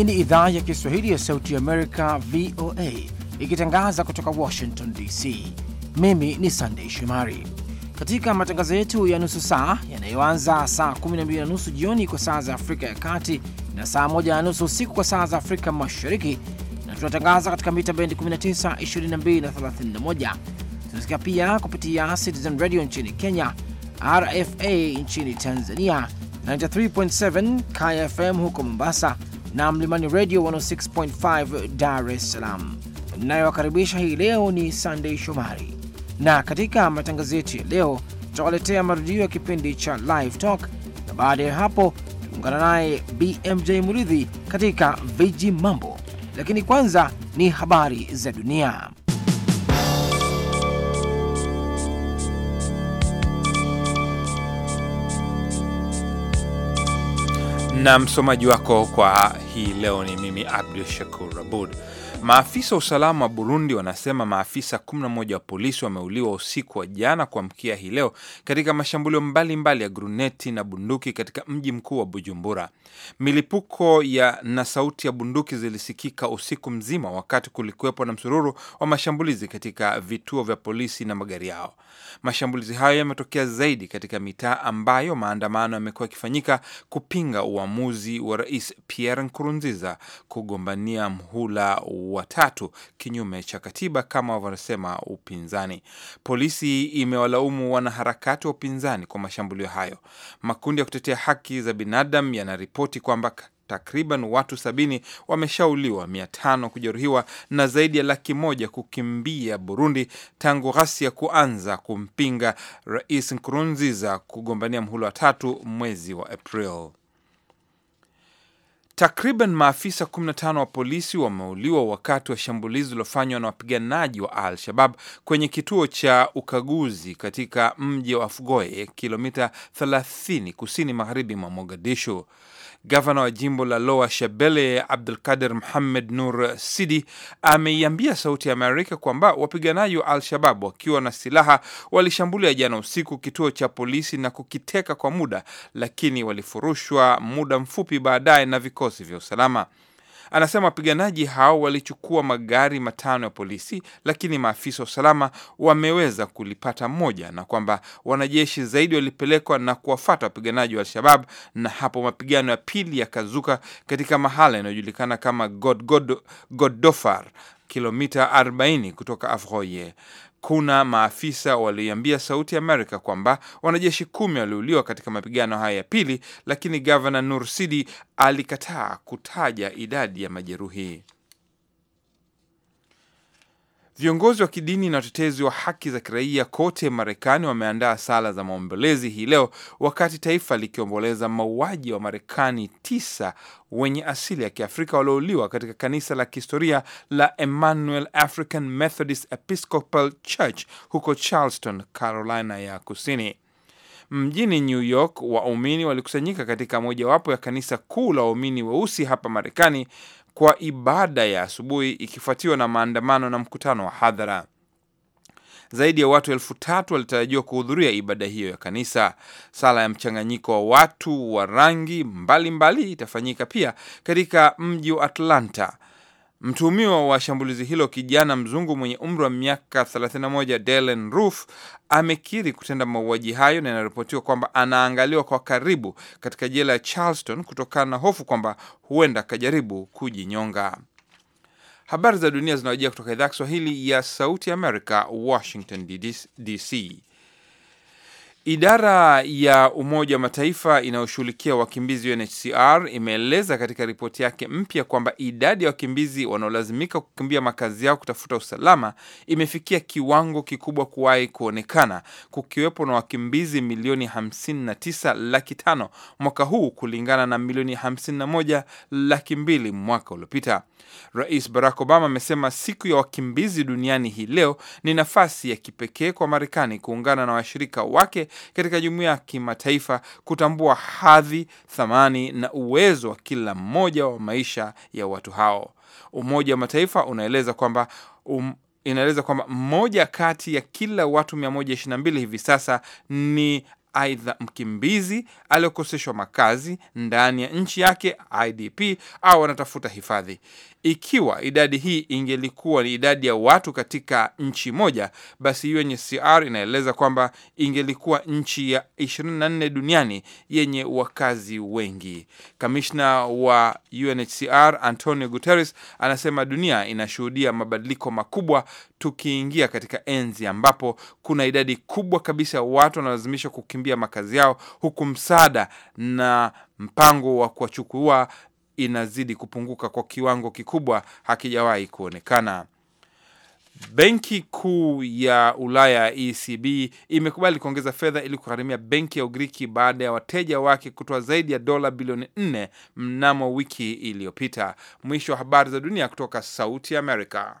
Hii ni idhaa ya Kiswahili ya Sauti Amerika, VOA, ikitangaza kutoka Washington DC. Mimi ni Sandei Shomari. Katika matangazo yetu ya nusu saa yanayoanza saa 12 na nusu jioni kwa saa za Afrika ya Kati na saa 1 na nusu usiku kwa saa za Afrika Mashariki, na tunatangaza katika mita bendi 19, 22 na 31. Tunasikia pia kupitia Citizen Radio nchini Kenya, RFA nchini Tanzania, 93.7 KFM huko Mombasa na Mlimani Radio 106.5 Dar es Salaam. Ninayowakaribisha hii leo ni Sunday Shomari, na katika matangazo yetu ya leo tutawaletea marudio ya kipindi cha Live Talk na baada ya hapo tuungana naye BMJ Muridhi katika Viji Mambo, lakini kwanza ni habari za dunia. na msomaji wako kwa hii leo ni mimi abdu Shakur Abud. Maafisa wa usalama wa Burundi wanasema maafisa 11 wa polisi wameuliwa usiku wa jana kuamkia hii leo katika mashambulio mbalimbali ya gruneti na bunduki katika mji mkuu wa Bujumbura. Milipuko ya na sauti ya bunduki zilisikika usiku mzima, wakati kulikuwepo na msururu wa mashambulizi katika vituo vya polisi na magari yao. Mashambulizi hayo yametokea zaidi katika mitaa ambayo maandamano yamekuwa yakifanyika kupinga uamuzi wa Rais Pierre Nkurunziza kugombania mhula watatu kinyume cha katiba kama wanavyosema upinzani. Polisi imewalaumu wanaharakati wa upinzani kwa mashambulio hayo. Makundi ya kutetea haki za binadamu yanaripoti kwamba takriban watu sabini wameshauliwa, mia tano kujeruhiwa na zaidi ya laki moja kukimbia Burundi tangu ghasia kuanza kumpinga Rais Nkurunziza kugombania mhula wa tatu mwezi wa April. Takriban maafisa 15 wa polisi wameuliwa wakati wa shambulizi lilofanywa na wapiganaji wa Al Shabab kwenye kituo cha ukaguzi katika mji wa Afgoye, kilomita 30 kusini magharibi mwa Mogadishu. Gavana wa jimbo la Lower Shabelle Abdulkadir muhammed Nur Sidi ameiambia Sauti ya Amerika kwamba wapiganaji wa Al-Shabab wakiwa na silaha walishambulia jana usiku kituo cha polisi na kukiteka kwa muda, lakini walifurushwa muda mfupi baadaye na vikosi vya usalama. Anasema wapiganaji hao walichukua magari matano ya polisi, lakini maafisa wa usalama wameweza kulipata moja, na kwamba wanajeshi zaidi walipelekwa na kuwafata wapiganaji wa Al-Shabab, na hapo mapigano ya pili yakazuka katika mahala yanayojulikana kama Goddofar, kilomita 40 kutoka Afroye. Kuna maafisa walioiambia Sauti Amerika kwamba wanajeshi kumi waliuliwa katika mapigano haya ya pili, lakini gavana Nursidi alikataa kutaja idadi ya majeruhi. Viongozi wa kidini na watetezi wa haki za kiraia kote Marekani wameandaa sala za maombolezi hii leo, wakati taifa likiomboleza mauaji wa Marekani tisa wenye asili ya Kiafrika waliouliwa katika kanisa la kihistoria la Emmanuel African Methodist Episcopal Church huko Charleston, Carolina ya Kusini. Mjini New York, waumini walikusanyika katika mojawapo ya kanisa kuu la waumini weusi hapa Marekani kwa ibada ya asubuhi, ikifuatiwa na maandamano na mkutano wa hadhara. Zaidi ya watu elfu tatu walitarajiwa kuhudhuria ibada hiyo ya kanisa. Sala ya mchanganyiko wa watu wa rangi mbalimbali itafanyika pia katika mji wa Atlanta Mtuhumiwa wa shambulizi hilo kijana mzungu mwenye umri wa miaka 31 Dylan Roof amekiri kutenda mauaji hayo na inaripotiwa kwamba anaangaliwa kwa karibu katika jela ya Charleston kutokana na hofu kwamba huenda akajaribu kujinyonga. Habari za dunia zinawajia kutoka idhaa ya Kiswahili ya Sauti ya Amerika, Washington DC. Idara ya Umoja wa Mataifa inayoshughulikia wakimbizi UNHCR imeeleza katika ripoti yake mpya kwamba idadi ya wakimbizi wanaolazimika kukimbia makazi yao kutafuta usalama imefikia kiwango kikubwa kuwahi kuonekana, kukiwepo na wakimbizi milioni 59 laki tano mwaka huu kulingana na milioni 51 laki mbili mwaka uliopita. Rais Barack Obama amesema siku ya wakimbizi duniani hii leo ni nafasi ya kipekee kwa Marekani kuungana na washirika wake katika jumuiya ya kimataifa kutambua hadhi, thamani na uwezo wa kila mmoja wa maisha ya watu hao. Umoja wa Mataifa unaeleza kwamba um, inaeleza kwamba mmoja kati ya kila watu 122 hivi sasa ni aidha mkimbizi aliyokoseshwa makazi ndani ya nchi yake IDP au anatafuta hifadhi. Ikiwa idadi hii ingelikuwa ni idadi ya watu katika nchi moja, basi UNHCR inaeleza kwamba ingelikuwa nchi ya 24 duniani yenye wakazi wengi. Kamishna wa UNHCR Antonio Guterres anasema dunia inashuhudia mabadiliko makubwa tukiingia katika enzi ambapo kuna idadi kubwa kabisa ya watu wanalazimishwa kukimbia makazi yao, huku msaada na mpango wa kuwachukua inazidi kupunguka kwa kiwango kikubwa, hakijawahi kuonekana. Benki Kuu ya Ulaya ECB imekubali kuongeza fedha ili kugharimia benki ya Ugiriki baada ya wateja wake kutoa zaidi ya dola bilioni nne mnamo wiki iliyopita. Mwisho wa habari za dunia kutoka Sauti Amerika.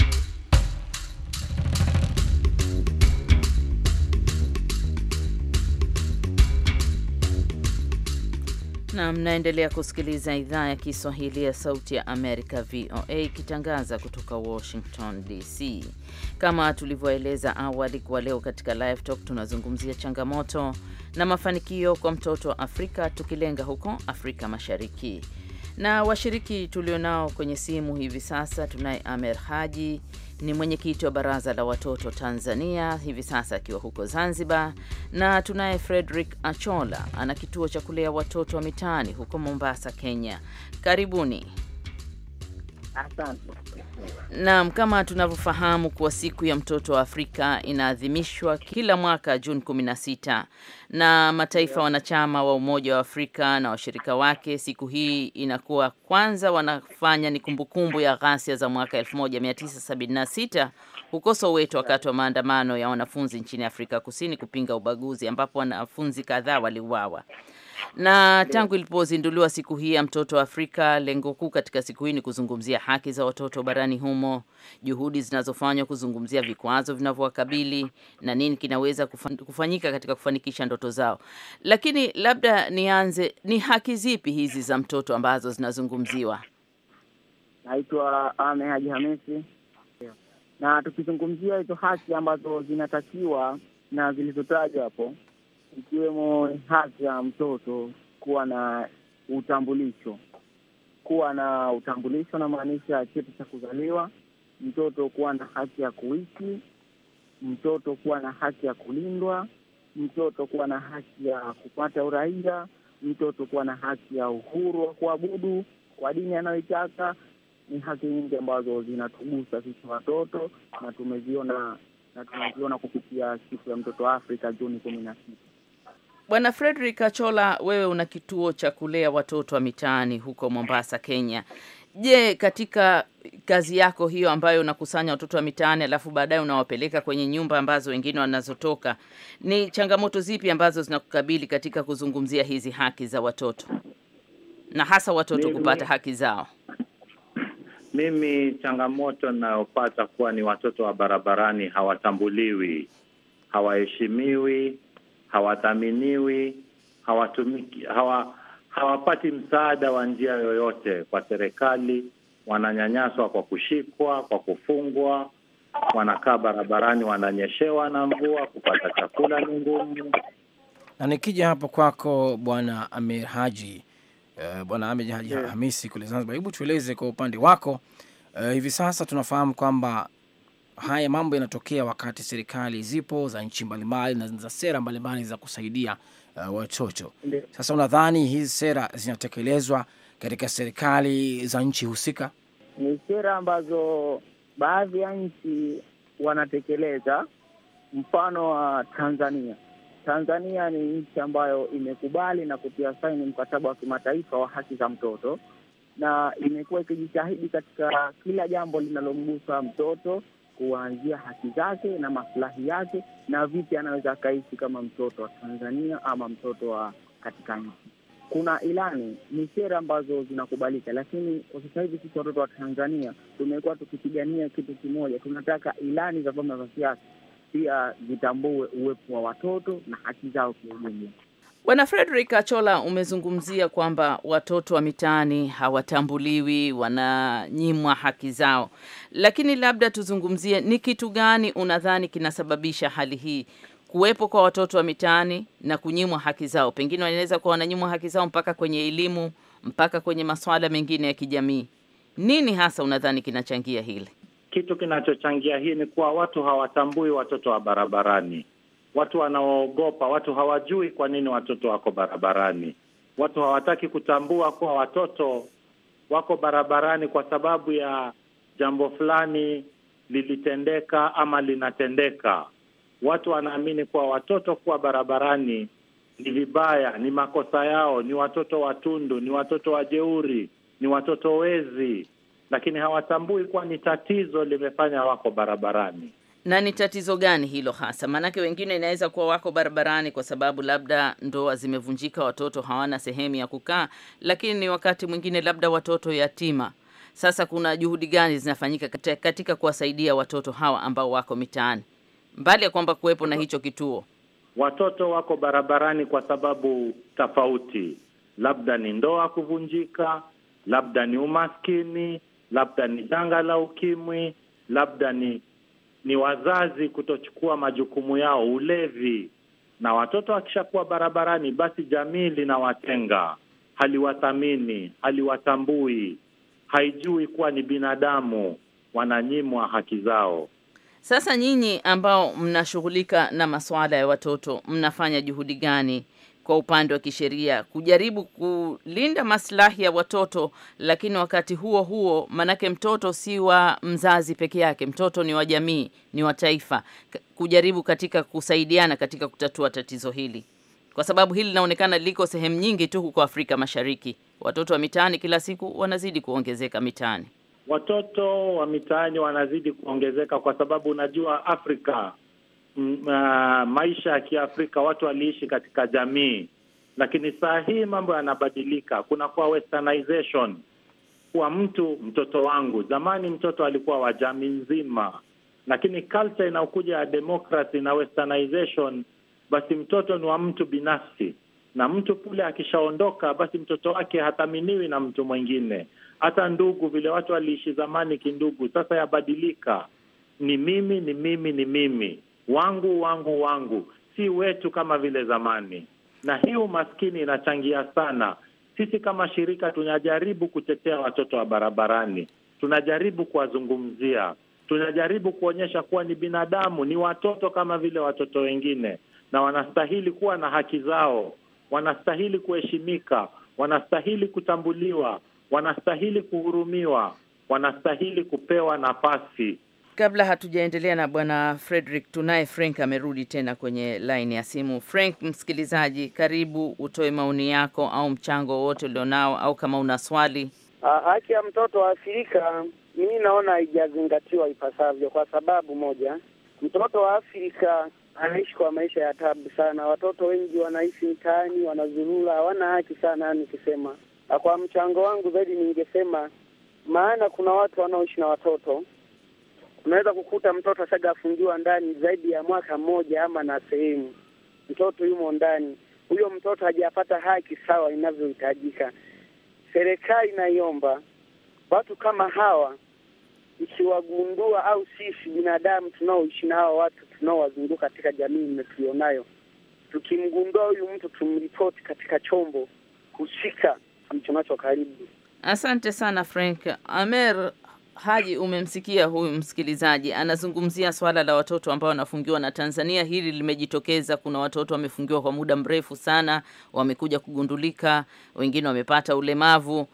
na mnaendelea kusikiliza idhaa ya Kiswahili ya Sauti ya Amerika, VOA, ikitangaza kutoka Washington DC. Kama tulivyoeleza awali, kwa leo katika Live Talk tunazungumzia changamoto na mafanikio kwa mtoto wa Afrika, tukilenga huko Afrika Mashariki. Na washiriki tulionao kwenye simu hivi sasa, tunaye Amer Haji ni mwenyekiti wa baraza la watoto Tanzania, hivi sasa akiwa huko Zanzibar, na tunaye Frederick Achola, ana kituo cha kulea watoto wa mitaani huko Mombasa, Kenya. Karibuni. Asante. Naam, kama tunavyofahamu kuwa siku ya mtoto wa Afrika inaadhimishwa kila mwaka Juni 16 na mataifa wanachama wa Umoja wa Afrika na washirika wake. Siku hii inakuwa kwanza wanafanya ni kumbukumbu ya ghasia za mwaka 1976 huko Soweto wakati wa maandamano ya wanafunzi nchini Afrika Kusini kupinga ubaguzi, ambapo wanafunzi kadhaa waliuawa. Na tangu ilipozinduliwa siku hii ya mtoto wa Afrika, lengo kuu katika siku hii ni kuzungumzia haki za watoto barani humo, juhudi zinazofanywa kuzungumzia vikwazo vinavyowakabili na nini kinaweza kufanyika katika kufanikisha ndoto zao. Lakini labda nianze, ni haki zipi hizi za mtoto ambazo zinazungumziwa? Naitwa Ame Haji Hamisi, na tukizungumzia hizo haki ambazo zinatakiwa na zilizotajwa hapo ikiwemo haki ya mtoto kuwa na utambulisho. Kuwa na utambulisho namaanisha cheti cha kuzaliwa, mtoto kuwa na haki ya kuishi, mtoto kuwa na haki ya kulindwa, mtoto kuwa na haki ya kupata uraia, mtoto kuwa na haki ya uhuru wa kuabudu kwa dini anayoitaka. Ni haki nyingi ambazo zinatugusa sisi watoto na tumeziona na tunaziona kupitia siku ya mtoto wa Afrika Juni kumi na sita. Bwana Frederick Achola, wewe una kituo cha kulea watoto wa mitaani huko Mombasa, Kenya. Je, katika kazi yako hiyo ambayo unakusanya watoto wa mitaani alafu baadaye unawapeleka kwenye nyumba ambazo wengine wanazotoka, ni changamoto zipi ambazo zinakukabili katika kuzungumzia hizi haki za watoto na hasa watoto mimi, kupata haki zao? Mimi changamoto ninayopata kuwa ni watoto wa barabarani hawatambuliwi, hawaheshimiwi hawathaminiwi, hawatumiki, hawa, hawapati msaada wa njia yoyote kwa serikali. Wananyanyaswa kwa kushikwa, kwa kufungwa, wanakaa barabarani, wananyeshewa na mvua, kupata chakula ni ngumu. Na nikija hapo kwako Bwana Amir Haji, uh, Bwana Amir Haji yeah, Hamisi kule Zanzibar, hebu tueleze kwa upande wako uh, hivi sasa tunafahamu kwamba haya mambo yanatokea wakati serikali zipo za nchi mbalimbali na za sera mbalimbali za kusaidia uh, watoto. Sasa unadhani hizi sera zinatekelezwa katika serikali za nchi husika? Ni sera ambazo baadhi ya nchi wanatekeleza, mfano wa Tanzania. Tanzania ni nchi ambayo imekubali na kutia saini mkataba wa kimataifa wa haki za mtoto na imekuwa ikijitahidi katika kila jambo linalomgusa mtoto kuanzia haki zake na maslahi yake na vipi anaweza akaishi kama mtoto wa Tanzania ama mtoto wa katika nchi. Kuna ilani, ni sera ambazo zinakubalika, lakini kwa sasa hivi sisi watoto wa Tanzania tumekuwa tukipigania kitu kimoja, tunataka ilani za vyama vya siasa pia zitambue uwepo wa watoto na haki zao kiujumla. Bwana Frederick Achola, umezungumzia kwamba watoto wa mitaani hawatambuliwi, wananyimwa haki zao, lakini labda tuzungumzie ni kitu gani unadhani kinasababisha hali hii kuwepo kwa watoto wa mitaani na kunyimwa haki zao. Pengine wanaweza kuwa wananyimwa haki zao mpaka kwenye elimu, mpaka kwenye masuala mengine ya kijamii. Nini hasa unadhani kinachangia hili? Kitu kinachochangia hii ni kuwa watu hawatambui watoto wa barabarani. Watu wanaogopa, watu hawajui kwa nini watoto wako barabarani. Watu hawataki kutambua kuwa watoto wako barabarani kwa sababu ya jambo fulani lilitendeka ama linatendeka. Watu wanaamini kuwa watoto kuwa barabarani ni vibaya, ni makosa yao, ni watoto watundu, ni watoto wajeuri, ni watoto wezi, lakini hawatambui kuwa ni tatizo limefanya wako barabarani na ni tatizo gani hilo hasa? Maanake wengine inaweza kuwa wako barabarani kwa sababu labda ndoa zimevunjika, watoto hawana sehemu ya kukaa, lakini ni wakati mwingine labda watoto yatima. Sasa kuna juhudi gani zinafanyika katika kuwasaidia watoto hawa ambao wako mitaani, mbali ya kwamba kuwepo na hicho kituo? Watoto wako barabarani kwa sababu tofauti, labda ni ndoa kuvunjika, labda ni umaskini, labda ni janga la ukimwi, labda ni ni wazazi kutochukua majukumu yao, ulevi. Na watoto wakishakuwa barabarani, basi jamii linawatenga, haliwathamini, haliwatambui, haijui kuwa ni binadamu, wananyimwa haki zao. Sasa nyinyi ambao mnashughulika na masuala ya watoto, mnafanya juhudi gani kwa upande wa kisheria kujaribu kulinda maslahi ya watoto, lakini wakati huo huo, manake mtoto si wa mzazi peke yake, mtoto ni wa jamii, ni wa taifa, kujaribu katika kusaidiana katika kutatua tatizo hili, kwa sababu hili linaonekana liko sehemu nyingi tu huko Afrika Mashariki. Watoto wa mitaani kila siku wanazidi kuongezeka mitaani, watoto wa mitaani wanazidi kuongezeka, kwa sababu unajua Afrika Uh, maisha ya Kiafrika, watu waliishi katika jamii, lakini saa hii mambo yanabadilika. Kunakuwa westernization, kuwa mtu mtoto wangu. Zamani mtoto alikuwa wa jamii nzima, lakini culture inaokuja ya democracy na westernization, basi mtoto ni wa mtu binafsi na mtu kule akishaondoka, basi mtoto wake hathaminiwi na mtu mwingine. Hata ndugu vile watu waliishi zamani kindugu, sasa yabadilika. Ni mimi, ni mimi, ni mimi wangu wangu wangu, si wetu kama vile zamani. Na hii umaskini inachangia sana. Sisi kama shirika tunajaribu kutetea watoto wa barabarani, tunajaribu kuwazungumzia, tunajaribu kuonyesha kuwa ni binadamu, ni watoto kama vile watoto wengine, na wanastahili kuwa na haki zao, wanastahili kuheshimika, wanastahili kutambuliwa, wanastahili kuhurumiwa, wanastahili kupewa nafasi. Kabla hatujaendelea na bwana Frederick, tunaye Frank amerudi tena kwenye laini ya simu. Frank, msikilizaji, karibu utoe maoni yako au mchango wowote ulionao, au kama una swali. Ah, haki ya mtoto wa Afrika mimi naona haijazingatiwa ipasavyo, kwa sababu moja, mtoto wa Afrika anaishi kwa maisha ya tabu sana. Watoto wengi wanaishi mtaani, wanazurura, hawana haki sana. Nikisema kwa mchango wangu zaidi, ningesema maana kuna watu wanaoishi na watoto Unaweza kukuta mtoto ashagafungiwa ndani zaidi ya mwaka mmoja ama na sehemu, mtoto yumo ndani, huyo mtoto hajapata haki sawa inavyohitajika. Serikali naiomba watu kama hawa ikiwagundua au sisi binadamu tunaoishi na hawa watu tunaowazunguka katika jamii tulionayo, tukimgundua huyu mtu tumripoti katika chombo husika alichonacho karibu. Asante sana Frank Amer. Haji, umemsikia huyu msikilizaji anazungumzia swala la watoto ambao wanafungiwa na Tanzania. Hili limejitokeza, kuna watoto wamefungiwa kwa muda mrefu sana, wamekuja kugundulika, wengine wamepata ulemavu.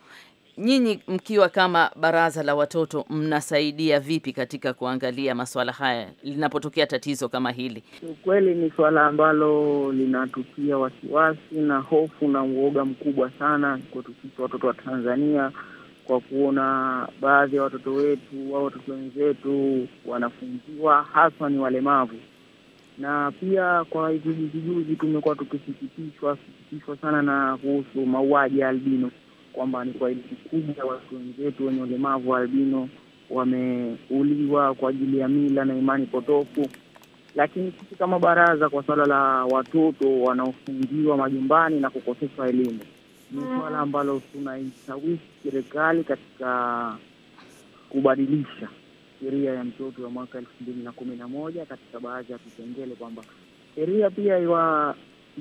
Nyinyi mkiwa kama baraza la watoto mnasaidia vipi katika kuangalia masuala haya linapotokea tatizo kama hili? Ukweli ni suala ambalo linatukia wasiwasi na hofu na uoga mkubwa sana kwetu sisi watoto wa Tanzania kwa kuona baadhi ya watoto wetu au watoto wenzetu wanafungiwa, haswa ni walemavu. Na pia kwa hivi juzijuzi tumekuwa tukisikitishwa sikitishwa sana na kuhusu mauaji ya albino, kwamba ni kwa idadi kubwa watu wenzetu wenye ulemavu wa albino wameuliwa kwa ajili ya mila na imani potofu. Lakini sisi kama baraza, kwa suala la watoto wanaofungiwa majumbani na kukoseshwa elimu ni swala ambalo tunaishawishi serikali katika kubadilisha sheria ya mtoto ya mwaka elfu mbili na kumi na moja katika baadhi ya vipengele kwamba sheria pia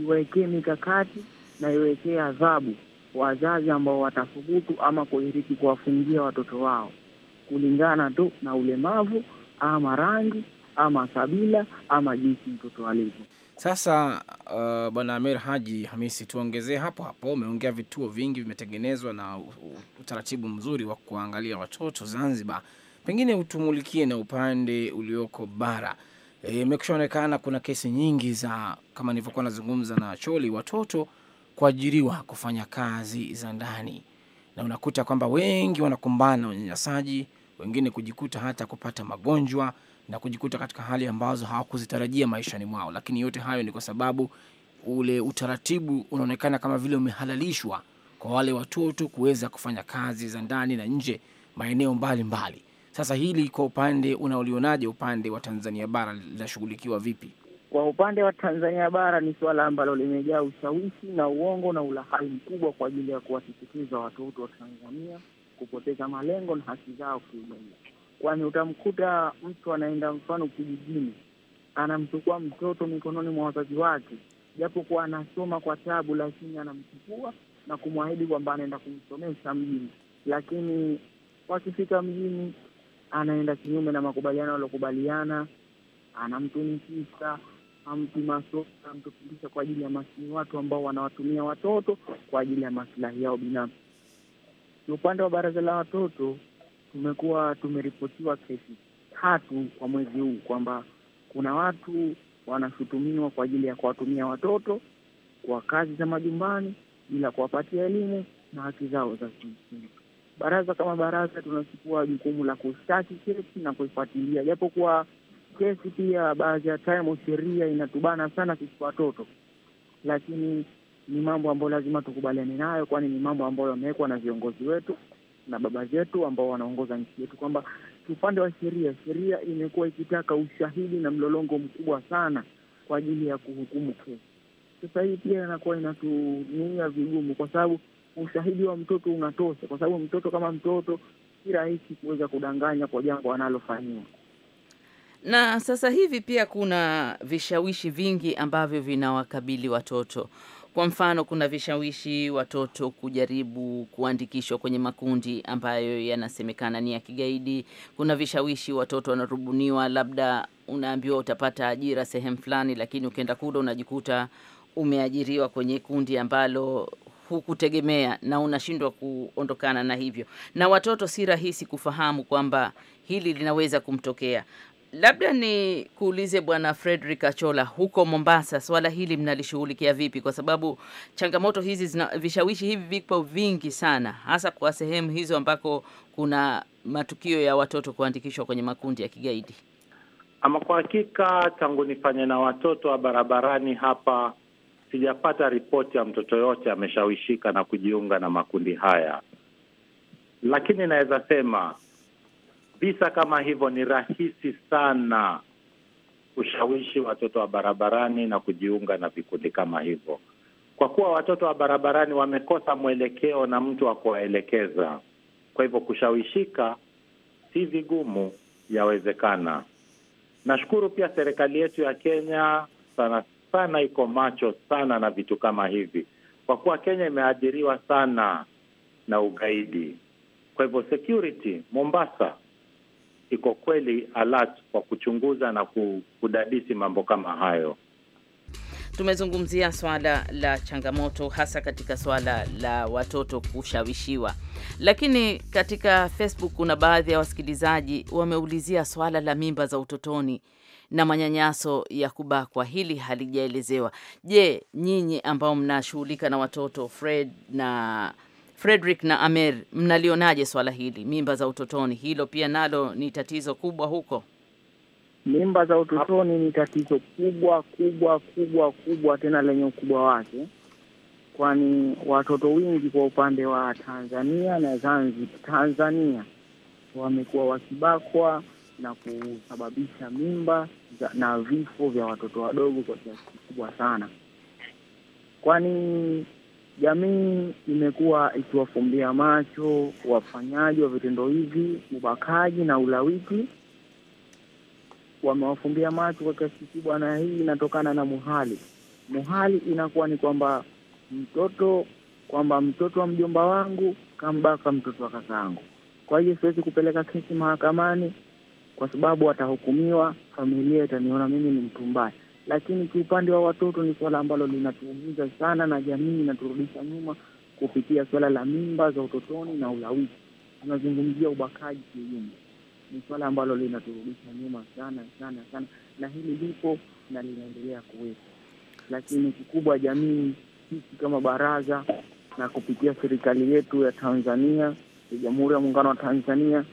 iwawekee mikakati na iwekee adhabu wazazi ambao watathubutu ama kuhiriki kuwafungia watoto wao kulingana tu na ulemavu ama rangi ama kabila ama jinsi mtoto alivyo. Sasa uh, bwana Amir Haji Hamisi, tuongezee hapo hapo. Umeongea vituo vingi vimetengenezwa na utaratibu mzuri wa kuangalia watoto Zanzibar, pengine utumulikie na upande ulioko bara. imekushaonekana e, kuna kesi nyingi za kama nilivyokuwa nazungumza na Choli, watoto kuajiriwa kufanya kazi za ndani, na unakuta kwamba wengi wanakumbana na unyanyasaji wengine kujikuta hata kupata magonjwa na kujikuta katika hali ambazo hawakuzitarajia maishani mwao, lakini yote hayo ni kwa sababu ule utaratibu unaonekana kama vile umehalalishwa kwa wale watoto kuweza kufanya kazi za ndani na nje maeneo mbalimbali. Sasa hili kwa upande unaolionaje, upande wa Tanzania bara linashughulikiwa vipi? Kwa upande wa Tanzania bara ni suala ambalo limejaa ushawishi na uongo na ulahali mkubwa kwa ajili ya kuwasisitiza watoto wa Tanzania kupoteza malengo na haki zao kiujumla, kwani utamkuta mtu anaenda mfano kijijini, anamchukua mtoto mikononi mwa wazazi wake, japo kuwa anasoma kwa tabu, lakini anamchukua na kumwahidi kwamba anaenda kumsomesha mjini, lakini wakifika mjini anaenda kinyume na makubaliano waliokubaliana, anamtunikisa, hampi masomo, anamtufundisha kwa ajili ya maslahi watu ambao wanawatumia watoto kwa ajili ya maslahi yao binafsi. Upande wa baraza la watoto tumekuwa tumeripotiwa kesi tatu kwa mwezi huu kwamba kuna watu wanashutumiwa kwa ajili ya kuwatumia watoto kwa kazi za majumbani bila kuwapatia elimu na haki zao za kimsingi. Baraza kama baraza tunachukua jukumu la kushtaki kesi na kuifuatilia, japokuwa kesi pia baadhi ya time sheria inatubana sana sisi watoto, lakini ni mambo ambayo lazima tukubaliane nayo, kwani ni mambo ambayo yamewekwa na viongozi wetu na baba zetu ambao wanaongoza nchi yetu, kwamba upande wa sheria, sheria imekuwa ikitaka ushahidi na mlolongo mkubwa sana kwa ajili ya kuhukumu kesi. Sasa hii pia inakuwa inatumia vigumu, kwa sababu ushahidi wa mtoto unatosha, kwa sababu mtoto kama mtoto si rahisi kuweza kudanganya kwa jambo analofanyiwa na sasa hivi pia kuna vishawishi vingi ambavyo vinawakabili watoto. Kwa mfano, kuna vishawishi watoto kujaribu kuandikishwa kwenye makundi ambayo yanasemekana ni ya kigaidi. Kuna vishawishi watoto wanarubuniwa, labda unaambiwa utapata ajira sehemu fulani, lakini ukienda kule unajikuta umeajiriwa kwenye kundi ambalo hukutegemea na unashindwa kuondokana na hivyo. Na watoto si rahisi kufahamu kwamba hili linaweza kumtokea. Labda ni kuulize Bwana Frederick Achola, huko Mombasa, swala hili mnalishughulikia vipi? Kwa sababu changamoto hizi zina, vishawishi hivi vipo vingi sana, hasa kwa sehemu hizo ambako kuna matukio ya watoto kuandikishwa kwenye makundi ya kigaidi. Ama kwa hakika, tangu nifanye na watoto wa barabarani hapa, sijapata ripoti ya mtoto yote ameshawishika na kujiunga na makundi haya, lakini naweza sema visa kama hivyo ni rahisi sana kushawishi watoto wa barabarani na kujiunga na vikundi kama hivyo, kwa kuwa watoto wa barabarani wamekosa mwelekeo na mtu wa kuwaelekeza. Kwa hivyo kushawishika si vigumu, yawezekana. Nashukuru pia serikali yetu ya Kenya sana sana iko macho sana na vitu kama hivi, kwa kuwa Kenya imeathiriwa sana na ugaidi. Kwa hivyo security Mombasa iko kweli alert kwa kuchunguza na kudadisi mambo kama hayo. Tumezungumzia swala la changamoto hasa katika swala la watoto kushawishiwa, lakini katika Facebook kuna baadhi ya wasikilizaji wameulizia swala la mimba za utotoni na manyanyaso ya kubakwa. Hili halijaelezewa. Je, nyinyi ambao mnashughulika na watoto Fred na Frederick na Amer, mnalionaje swala hili, mimba za utotoni? Hilo pia nalo ni tatizo kubwa huko. Mimba za utotoni ni tatizo kubwa kubwa kubwa kubwa, tena lenye ukubwa wake, kwani watoto wengi kwa upande wa Tanzania na Zanzibar, Tanzania wamekuwa wakibakwa na kusababisha mimba za, na vifo vya watoto wadogo kwa kiasi kikubwa sana, kwani jamii imekuwa ikiwafumbia macho wafanyaji wa vitendo hivi, ubakaji na ulawiti, wamewafumbia macho kwa kiasi kikubwa, na hii inatokana na muhali. Muhali inakuwa ni kwamba mtoto kwamba mtoto wa mjomba wangu kambaka mtoto wa kakaangu, kwa hiyo siwezi kupeleka kesi mahakamani kwa sababu watahukumiwa familia itaniona mimi ni mtumbaya lakini kiupande wa watoto ni suala ambalo linatuumiza sana, na jamii inaturudisha nyuma kupitia suala la mimba za utotoni na ulawiti. Tunazungumzia ubakaji kiujumla, ni suala ambalo linaturudisha nyuma sana sana sana, na hili lipo na linaendelea kuwepo, lakini kikubwa jamii sisi kama baraza na kupitia serikali yetu ya Tanzania ya Jamhuri ya Muungano wa Tanzania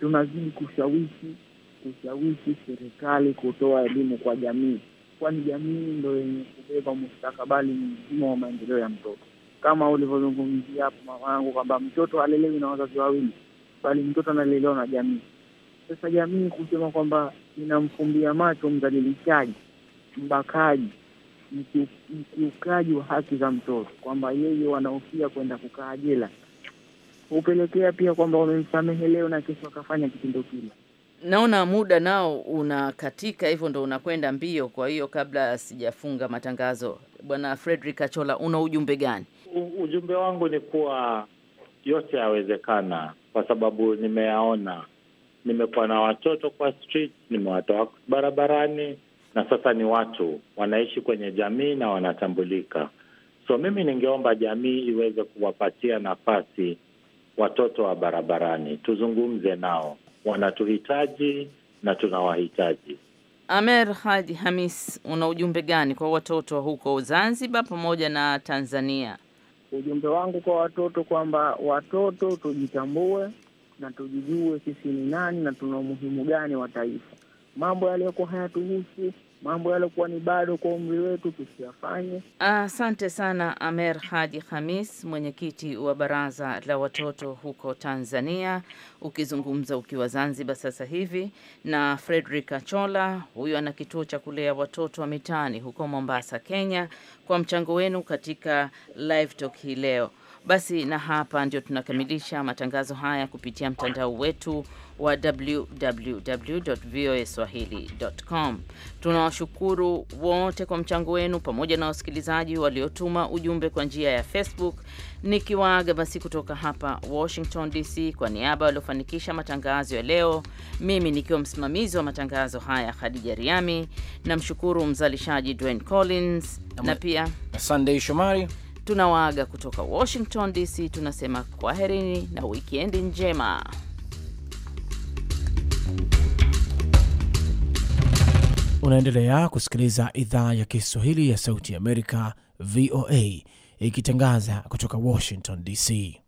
tunazidi kushawishi kushawishi serikali kutoa elimu kwa jamii kwani jamii ndo yenye kubeba mustakabali mzima wa maendeleo ya mtoto. Kama ulivyozungumzia hapo mama yangu kwamba mtoto alelewi na wazazi wawili, bali mtoto analelewa na jamii. Sasa jamii kusema kwamba inamfumbia macho mdhalilishaji, mbakaji, mkiukaji wa haki za mtoto, kwamba yeye wanahofia kwenda kukaa jela, hupelekea pia kwamba wamemsamehe leo na kesho akafanya kitendo kile naona muda nao unakatika, hivyo ndo unakwenda mbio. Kwa hiyo kabla sijafunga matangazo, Bwana Frederick Achola, una ujumbe gani? U, ujumbe wangu ni kuwa yote yawezekana, kwa sababu nimeyaona. Nimekuwa na watoto kwa street, nimewatoa barabarani, na sasa ni watu wanaishi kwenye jamii na wanatambulika. So mimi ningeomba jamii iweze kuwapatia nafasi watoto wa barabarani, tuzungumze nao wanatuhitaji na tunawahitaji. Amer Hadi Hamis, una ujumbe gani kwa watoto huko Zanzibar pamoja na Tanzania? Ujumbe wangu kwa watoto kwamba watoto tujitambue na tujijue sisi ni nani na tuna umuhimu gani wa taifa. Mambo yaliyoko hayatuhusu mambo yalokuwa ni bado kwa umri wetu tusiyafanye. Asante sana Amer Haji Hamis, mwenyekiti wa baraza la watoto huko Tanzania, ukizungumza ukiwa Zanzibar sasa hivi, na Frederick Achola, huyu ana kituo cha kulea watoto wa mitaani huko Mombasa, Kenya, kwa mchango wenu katika live talk hii leo. Basi na hapa ndio tunakamilisha matangazo haya kupitia mtandao wetu wa www.voaswahili.com. Tunawashukuru wote kwa mchango wenu pamoja na wasikilizaji waliotuma ujumbe kwa njia ya Facebook. Nikiwaaga basi kutoka hapa Washington DC, kwa niaba waliofanikisha matangazo ya leo, mimi nikiwa msimamizi wa matangazo haya Khadija Riami, namshukuru mzalishaji Dwayne Collins na pia Sunday Shomari. Tunawaaga kutoka Washington DC, tunasema kwaherini na wikendi njema. Unaendelea kusikiliza idhaa ya Kiswahili ya Sauti ya Amerika, VOA, ikitangaza kutoka Washington DC.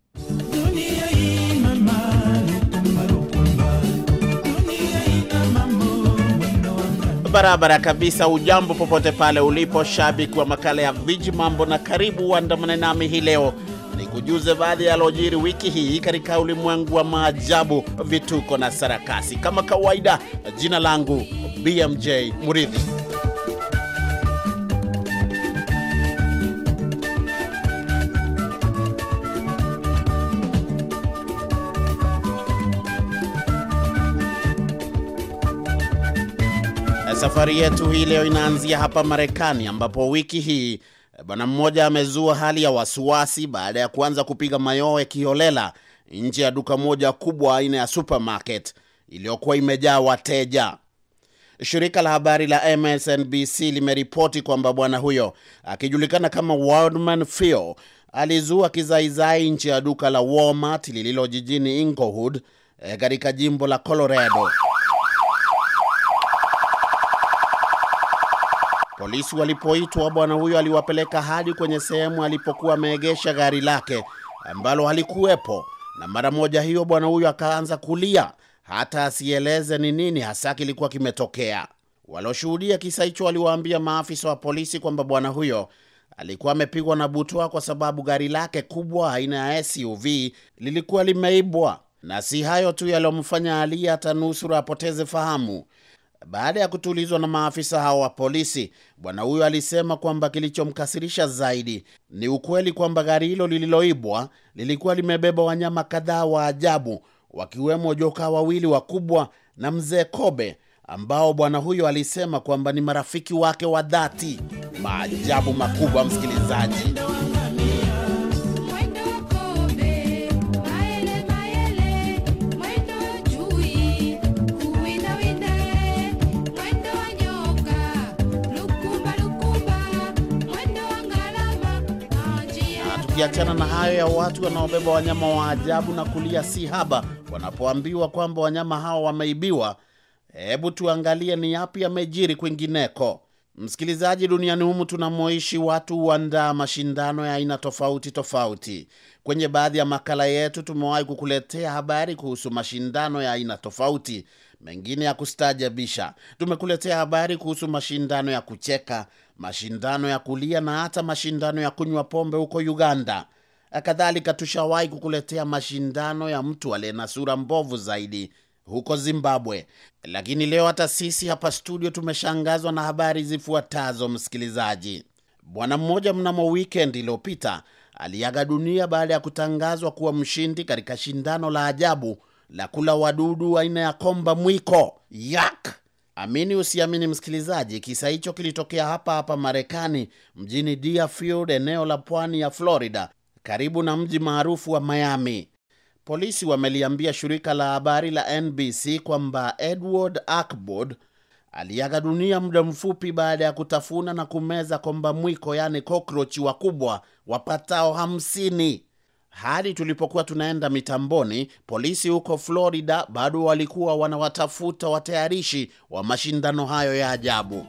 barabara kabisa. Ujambo popote pale ulipo, shabiki wa makala ya viji mambo, na karibu uandamane nami hii leo nikujuze baadhi ya yalojiri wiki hii katika ulimwengu wa maajabu, vituko na sarakasi. Kama kawaida, jina langu BMJ Muridhi. Safari yetu hii leo inaanzia hapa Marekani, ambapo wiki hii eh, bwana mmoja amezua hali ya wasiwasi baada ya kuanza kupiga mayowe kiholela nje ya duka moja kubwa aina ya supermarket iliyokuwa imejaa wateja. Shirika la habari la MSNBC limeripoti kwamba bwana huyo akijulikana kama Waldman Phil alizua kizaizai nje ya duka la Walmart lililo jijini Inglewood eh, katika jimbo la Colorado. Polisi walipoitwa, bwana huyo aliwapeleka hadi kwenye sehemu alipokuwa ameegesha gari lake ambalo halikuwepo, na mara moja hiyo bwana huyo akaanza kulia, hata asieleze ni nini hasa kilikuwa kimetokea. Walioshuhudia kisa hicho waliwaambia maafisa wa polisi kwamba bwana huyo alikuwa amepigwa na butwa kwa sababu gari lake kubwa aina ya SUV lilikuwa limeibwa, na si hayo tu yaliyomfanya alia hata nusura apoteze fahamu, baada ya kutulizwa na maafisa hao wa polisi, bwana huyo alisema kwamba kilichomkasirisha zaidi ni ukweli kwamba gari hilo lililoibwa lilikuwa limebeba wanyama kadhaa wa ajabu, wakiwemo joka wawili wakubwa na mzee kobe ambao bwana huyo alisema kwamba ni marafiki wake wa dhati. Maajabu makubwa, msikilizaji. Achana na hayo ya watu wanaobeba wanyama wa ajabu na kulia si haba wanapoambiwa kwamba wanyama hao wameibiwa. Hebu tuangalie ni yapi yamejiri kwingineko. Msikilizaji, duniani humu tunamoishi watu huandaa mashindano ya aina tofauti tofauti. Kwenye baadhi ya makala yetu tumewahi kukuletea habari kuhusu mashindano ya aina tofauti, mengine ya kustaajabisha. Tumekuletea habari kuhusu mashindano ya kucheka mashindano ya kulia na hata mashindano ya kunywa pombe huko Uganda. Kadhalika, tushawahi kukuletea mashindano ya mtu aliye na sura mbovu zaidi huko Zimbabwe. Lakini leo hata sisi hapa studio tumeshangazwa na habari zifuatazo, msikilizaji. Bwana mmoja mnamo wikendi iliyopita aliaga dunia baada ya kutangazwa kuwa mshindi katika shindano la ajabu la kula wadudu aina ya komba mwiko. Yak! Amini usiamini, msikilizaji, kisa hicho kilitokea hapa hapa Marekani, mjini Deerfield, eneo la pwani ya Florida, karibu na mji maarufu wa Miami. Polisi wameliambia shirika la habari la NBC kwamba Edward Akbod aliaga dunia muda mfupi baada ya kutafuna na kumeza komba mwiko, yaani kokrochi wakubwa wapatao hamsini hadi tulipokuwa tunaenda mitamboni, polisi huko Florida bado walikuwa wanawatafuta watayarishi wa mashindano hayo ya ajabu.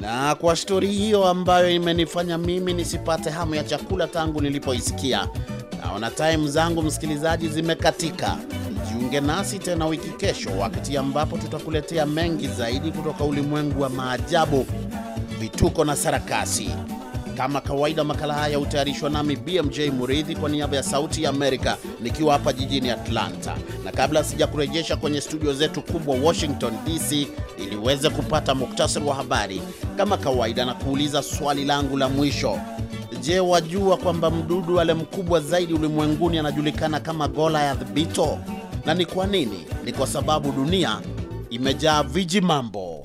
Na kwa stori hiyo ambayo imenifanya mimi nisipate hamu ya chakula tangu nilipoisikia, naona taimu zangu msikilizaji zimekatika. Jiunge nasi tena wiki kesho, wakati ambapo tutakuletea mengi zaidi kutoka ulimwengu wa maajabu, vituko na sarakasi. Kama kawaida, makala haya hutayarishwa nami BMJ Muridhi kwa niaba ya Sauti ya Amerika nikiwa hapa jijini Atlanta, na kabla sijakurejesha kwenye studio zetu kubwa Washington DC ili uweze kupata muktasari wa habari, kama kawaida, na kuuliza swali langu la mwisho. Je, wajua kwamba mdudu ale mkubwa zaidi ulimwenguni anajulikana kama Goliath Beetle? Na ni kwa nini? Ni kwa sababu dunia imejaa viji mambo. Oh,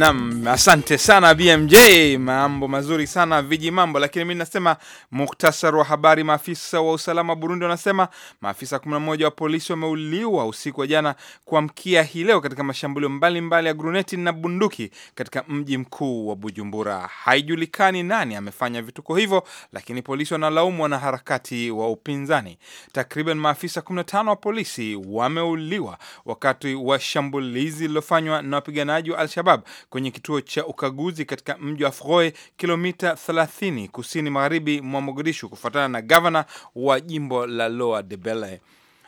Naam, asante sana BMJ, mambo mazuri sana viji mambo. Lakini mimi nasema muktasari wa habari. Maafisa wa usalama wa Burundi wanasema maafisa 11 wa polisi wameuliwa usiku wa jana kuamkia hii leo katika mashambulio mbalimbali ya gruneti na bunduki katika mji mkuu wa Bujumbura. Haijulikani nani amefanya vituko hivyo, lakini polisi wanalaumu wanaharakati wa upinzani. Takriban maafisa 15 wa polisi wameuliwa wakati wa shambulizi lilofanywa na wapiganaji wa Al-Shabab kwenye kituo cha ukaguzi katika mji wa Afgoye, kilomita 30 kusini magharibi mwa Mogadishu, kufuatana na gavana wa jimbo la Loa Debele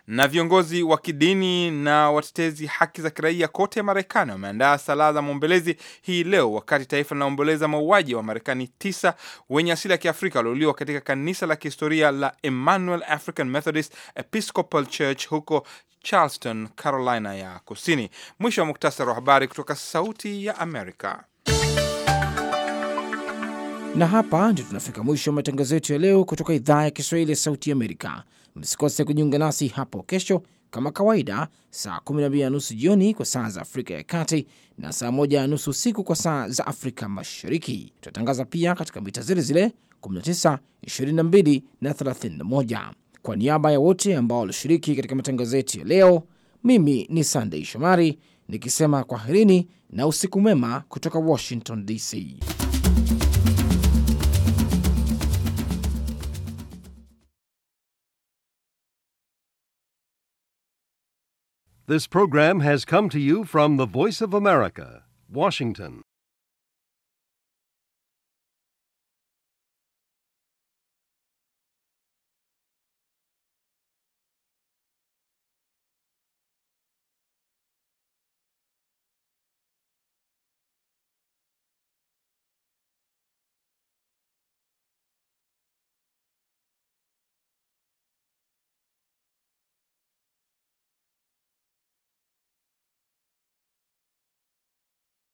na viongozi wa kidini na watetezi haki za kiraia kote Marekani wameandaa sala za maombelezi hii leo, wakati taifa linaomboleza mauaji wa Marekani tisa wenye asili ya Kiafrika waliouliwa katika kanisa la kihistoria la Emmanuel African Methodist Episcopal Church huko Charleston, Carolina ya Kusini. Mwisho wa muktasari wa habari kutoka Sauti ya Amerika. Na hapa ndio tunafika mwisho wa matangazo yetu ya leo kutoka idhaa ya Kiswahili ya Sauti ya Amerika. Msikose kujiunga nasi hapo kesho kama kawaida, saa 12 na nusu jioni kwa saa za Afrika ya Kati na saa 1 na nusu usiku kwa saa za Afrika Mashariki. Tutatangaza pia katika mita zile zile 19, 22 na 31. Kwa niaba ya wote ambao walishiriki katika matangazo yetu ya leo, mimi ni Sandei Shomari nikisema kwaherini na usiku mwema kutoka Washington DC. This program has come to you from the Voice of America, Washington.